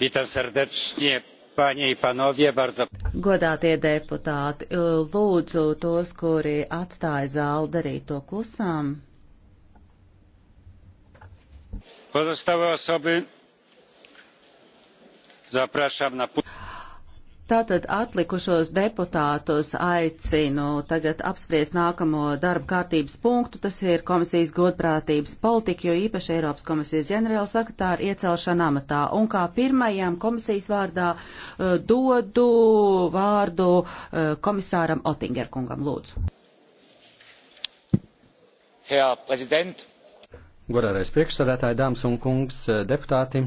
Witam serdecznie panie i panowie, bardzo. Godātie deputāti, lūdzu tos, kuri atstāja zāli, darīt to klusām. Pozostałe osoby zapraszam na. Tātad atlikušos deputātus aicinu tagad apspriest nākamo darba kārtības punktu, tas ir komisijas godprātības politika, jo īpaši Eiropas komisijas ģenerāla sekretāra iecelšana amatā. Un kā pirmajām komisijas vārdā uh, dodu vārdu uh, komisāram Otingerkungam, lūdzu. Herr Prezident. Godārais priekšsādātāji, dāmas un kungs, eh, deputāti.